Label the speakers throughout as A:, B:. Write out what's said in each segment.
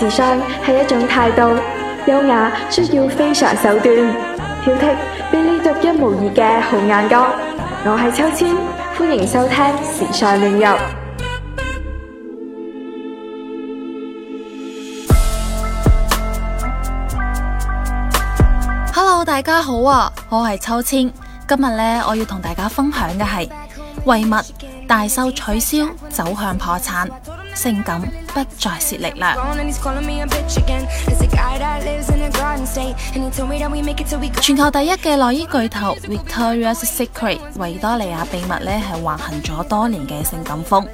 A: 時尚係一種態度，優雅需要非常手段，挑剔俾你獨一無二嘅好眼光。我係秋千，歡迎收聽時尚領域。Hello，大家好啊，我係秋千，今日呢，我要同大家分享嘅係維密。大秀取消，走向破產，性感不再是力量。 全球第一嘅內衣巨頭 Victoria's Secret（ 維多利亞秘密呢）咧，係橫行咗多年嘅性感風。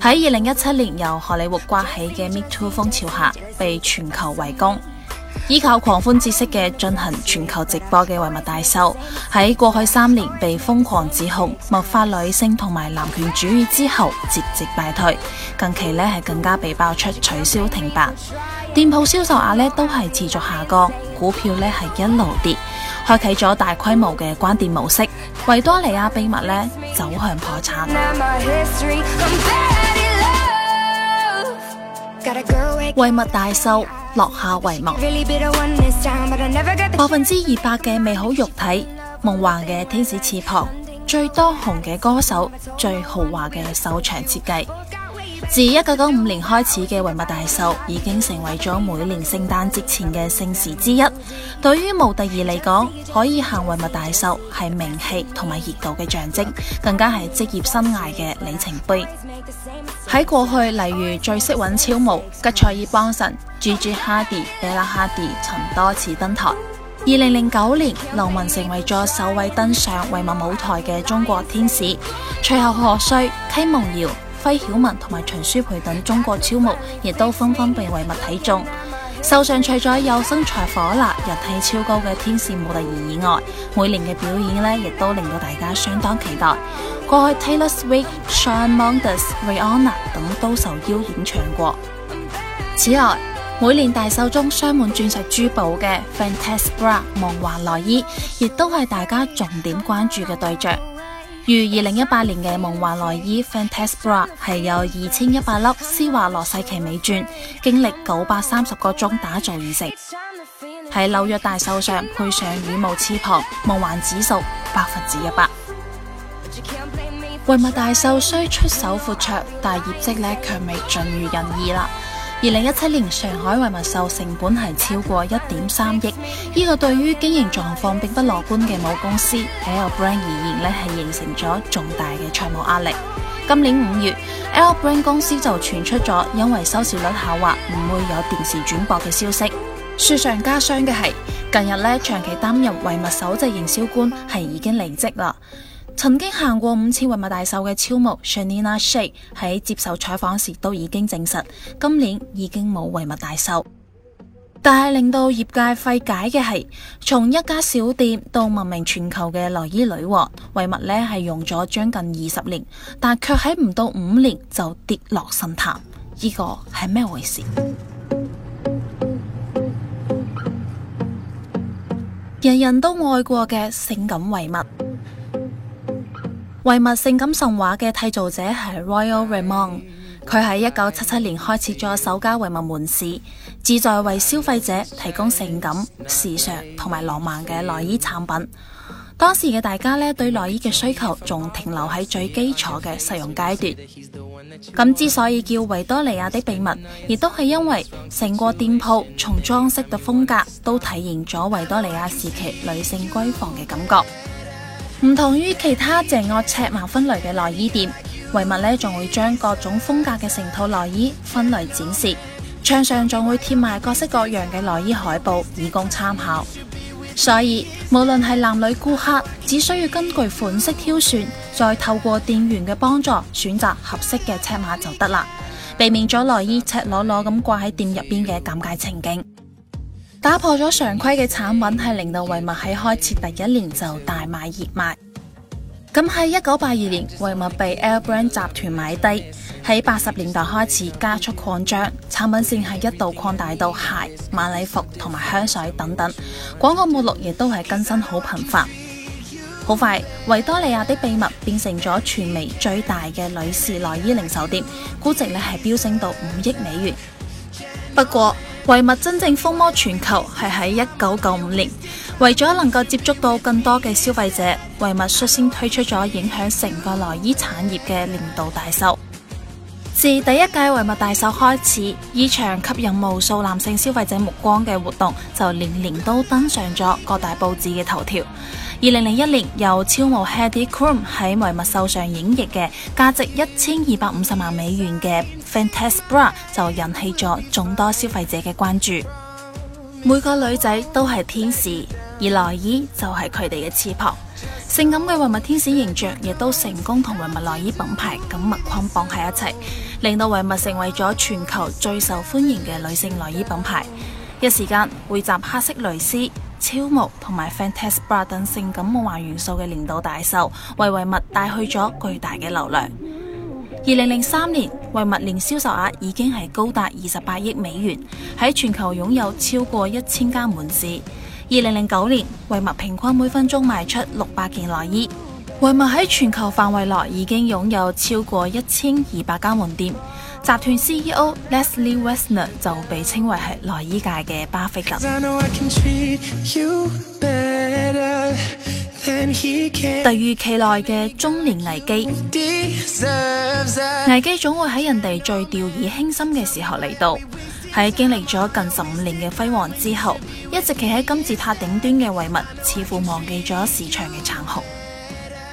A: 喺二零一七年由荷里活刮起嘅 Me Too 風潮下，被全球圍攻。依靠狂歡節式嘅進行全球直播嘅維密大秀，喺過去三年被瘋狂指控物化女性同埋男權主義之後，節節敗退。近期呢係更加被爆出取消停辦，店鋪銷售額呢都係持續下降，股票呢係一路跌，開啟咗大規模嘅關店模式。維多利亞秘密呢走向破產，維密 go, 大秀。落下帷幕，百分之二百嘅美好肉體，夢幻嘅天使翅膀，最多紅嘅歌手，最豪華嘅首場設計。自一九九五年開始嘅維密大秀已經成為咗每年聖誕節前嘅盛事之一。對於模特兒嚟講，可以行維密大秀係名氣同埋熱度嘅象徵，更加係職業生涯嘅里程碑。喺過去，例如最識揾超模吉賽爾邦辰、Gigi Hadid、Bella Hadid 曾多次登台。二零零九年，劉雯成為咗首位登上維密舞台嘅中國天使，隨後何穗、奚夢瑤。崔曉文同埋秦舒培等中國超模，亦都紛紛被維密睇中。秀上除咗有身材火辣、人氣超高嘅天使模特兒以外，每年嘅表演呢亦都令到大家相當期待。過去 Taylor Swift、Shawn Mendes、Rihanna 等都受邀演唱過。此外，每年大秀中鑲滿鑽石珠寶嘅 Fantastic Bra 夢幻內衣，亦都係大家重點關注嘅對象。如二零一八年嘅夢幻內衣 Fantastic Bra 係有二千一百粒施華洛世奇美鑽，經歷九百三十個鐘打造而成，喺紐約大秀上配上羽毛翅膀，夢幻指數百分之一百。維密大秀雖出手闊綽，但業績呢卻未盡如人意啦。二零一七年上海維密秀成本係超過一點三億，呢個對於經營狀況並不樂觀嘅母公司 L Brands 而言咧，係形成咗重大嘅財務壓力。今年五月，L Brands 公司就傳出咗因為收視率下滑唔會有電視轉播嘅消息。雪上加霜嘅係，近日咧長期擔任維密首席營銷,營銷官係已經離職啦。曾經行過五次維密大秀嘅超模 Shanina Shay 喺接受採訪時都已經證實，今年已經冇維密大秀。但係令到業界費解嘅係，從一家小店到聞名全球嘅內衣女王，維密呢係用咗將近二十年，但係卻喺唔到五年就跌落神壇，呢、呢個係咩回事？人人都愛過嘅性感維密。維密性感神話嘅締造者係 Royal Raymond，佢喺一九七七年開設咗首家維密門市，志在為消費者提供性感、時尚同埋浪漫嘅內衣產品。當時嘅大家呢對內衣嘅需求仲停留喺最基礎嘅實用階段。咁之所以叫維多利亞的秘密，亦都係因為成個店鋪從裝飾到風格都體現咗維多利亞時期女性閨房嘅感覺。唔同於其他淨係尺碼分類嘅內衣店，維密呢仲會將各種風格嘅成套內衣分類展示，牆上仲會貼埋各式各樣嘅內衣海報以供參考。所以無論係男女顧客，只需要根據款式挑選，再透過店員嘅幫助選擇合適嘅尺碼就得啦，避免咗內衣赤裸裸咁掛喺店入邊嘅尷尬情景。打破咗常規嘅產品係令到維密喺開設第一年就大賣熱賣。咁喺一九八二年，維密被 L Brand 集團買低，喺八十年代開始加速擴張，產品線係一度擴大到鞋、晚禮服同埋香水等等，廣告目錄亦都係更新好頻繁。好快，維多利亞的秘密變成咗全美最大嘅女士內衣零售店，估值呢係飆升到五億美元。不過，維密真正風靡全球係喺一九九五年，為咗能夠接觸到更多嘅消費者，維密率先推出咗影響成個內衣產業嘅年度大秀。自第一屆維密大秀開始，一場吸引無數男性消費者目光嘅活動，就年年都登上咗各大報紙嘅頭條。二零零一年，由超模 Heidi Klum 喺維密秀上演繹嘅價值一千二百五十萬美元嘅 Fantasy Bra 就引起咗眾多消費者嘅關注。每個女仔都係天使，而內衣就係佢哋嘅翅膀。性感嘅維密天使形象亦都成功同維密內衣品牌緊密捆綁喺一齊，令到維密成為咗全球最受歡迎嘅女性內衣品牌。一時間匯集黑色蕾絲、超模同埋 Fantasy Bra 等性感夢幻元素嘅年度大秀，為維密帶去咗巨大嘅流量。二零零三年，維密年銷售額已經係高達二十八億美元，喺全球擁有超過一千家門市。二零零九年，維密平均每分鐘賣出六百件內衣。維密喺全球範圍內已經擁有超過一千二百家門店。集團 CEO Leslie w e s n e r 就被稱為係內衣界嘅巴菲特。突如其來嘅中年危機，危機總會喺人哋最掉以輕心嘅時候嚟到。喺經歷咗近十五年嘅輝煌之後，一直企喺金字塔頂端嘅維密，似乎忘記咗市場嘅殘酷。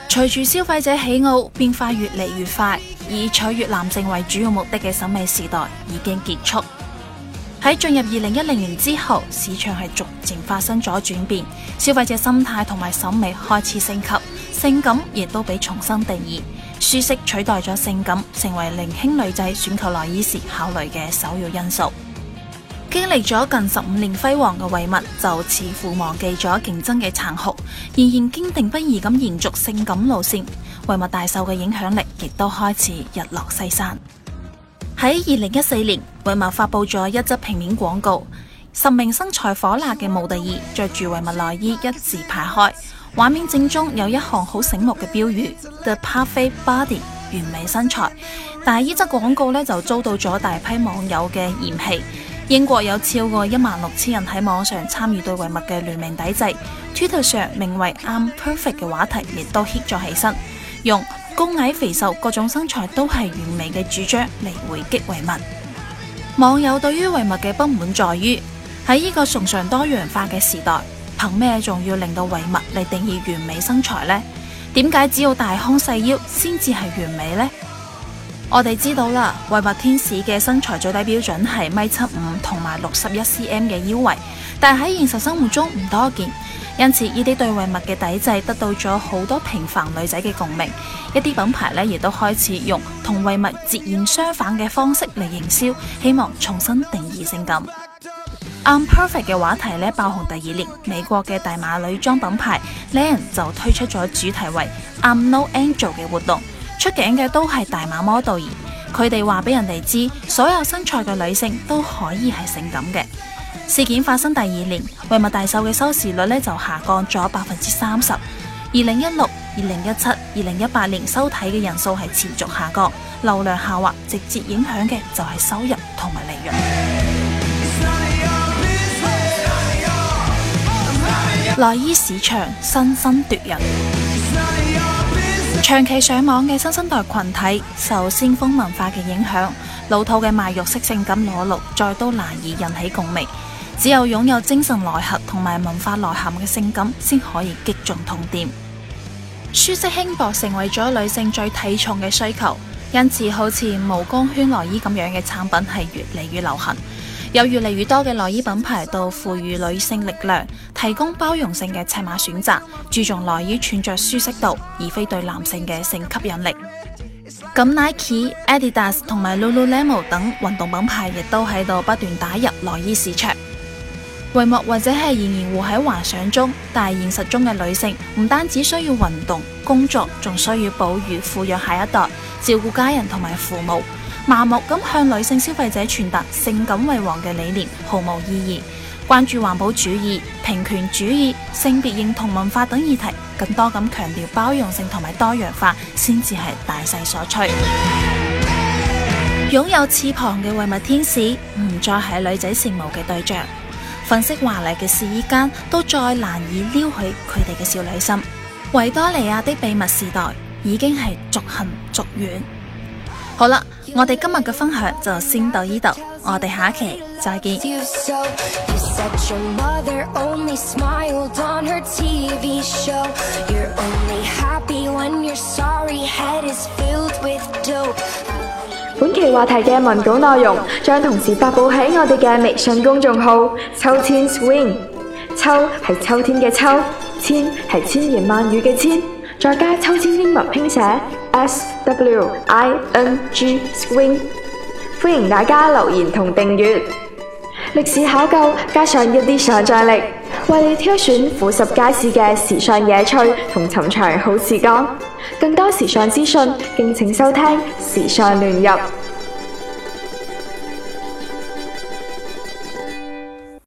A: 隨住消費者喜好變化越嚟越快，以取悦男性為主要目的嘅審美時代已經結束。喺進入二零一零年之後，市場係逐漸發生咗轉變，消費者心態同埋審美開始升級，性感亦都被重新定義，舒適取代咗性感，成為年輕女仔選購內衣時考慮嘅首要因素。經歷咗近十五年輝煌嘅維密，就似乎忘記咗競爭嘅殘酷，仍然堅定不移咁延續性感路線。維密大秀嘅影響力亦都開始日落西山。喺二零一四年，維密發佈咗一則平面廣告，十名身材火辣嘅模特兒着住維密內衣一字排開，畫面正中有一行好醒目嘅標語：The Perfect Body，完美身材。但係呢則廣告呢，就遭到咗大批網友嘅嫌棄。英國有超過一萬六千人喺網上參與對維密嘅聯名抵制，Twitter 上名為 I'm Perfect 嘅話題亦都 hit 咗起身，用高矮肥瘦各種身材都係完美嘅主張嚟回擊維密。網友對於維密嘅不滿在於喺呢個崇尚多樣化嘅時代，憑咩仲要令到維密嚟定義完美身材呢？點解只要大胸細腰先至係完美呢？」我哋知道啦，維密天使嘅身材最低標準係米七五同埋六十一 cm 嘅腰圍，但係喺現實生活中唔多見，因此呢啲對維密嘅抵制得到咗好多平凡女仔嘅共鳴。一啲品牌呢，亦都開始用同維密截然相反嘅方式嚟營銷，希望重新定義性感。I'm Perfect 嘅話題呢，爆紅第二年，美國嘅大碼女裝品牌 Lane 就推出咗主題為 I'm No Angel 嘅活動。出鏡嘅都係大碼模特兒，佢哋話俾人哋知，所有身材嘅女性都可以係性感嘅。事件發生第二年，維密大秀嘅收視率呢就下降咗百分之三十。二零一六、二零一七、二零一八年收睇嘅人數係持續下降，流量下滑，直接影響嘅就係收入同埋利潤。內 衣市場，新生奪人。長期上網嘅新生代群體受先鋒文化嘅影響，老土嘅賣肉式性感裸露再都難以引起共鳴。只有擁有精神內核同埋文化內涵嘅性感，先可以擊中痛點。舒適輕薄成為咗女性最睇重嘅需求，因此好似冇鋼圈內衣咁樣嘅產品係越嚟越流行。有越嚟越多嘅內衣品牌都賦予女性力量，提供包容性嘅尺碼選擇，注重內衣穿着舒適度，而非對男性嘅性吸引力。咁 Nike、Adidas 同埋 Lululemon 等運動品牌亦都喺度不斷打入內衣市場。維密或者係仍然活喺幻想中，但係現實中嘅女性唔單止需要運動，工作仲需要哺乳、撫養下一代、照顧家人同埋父母。麻木咁向女性消費者傳達性感為王嘅理念毫無意義，關注環保主義、平權主義、性別認同文化等議題，更多咁強調包容性同埋多樣化，先至係大勢所趨。擁 有翅膀嘅維密天使唔再係女仔羨慕嘅對象，粉色華麗嘅試衣間都再難以撩起佢哋嘅少女心。維多利亞的秘密時代已經係漸行漸遠。好啦。我哋今日嘅分享就先到呢度，我哋下一期再見。本期話題嘅文稿內容將同時發布喺我哋嘅微信公眾號“秋千 swing”，秋係秋天嘅秋，千係千言萬語嘅千。再加秋千英文拼寫 S W I N G swing，歡迎大家留言同訂閱。歷史考究加上一啲想象力，為你挑選富十街市嘅時尚野趣同尋常好時光。更多時尚資訊，敬請收聽《時尚亂入》。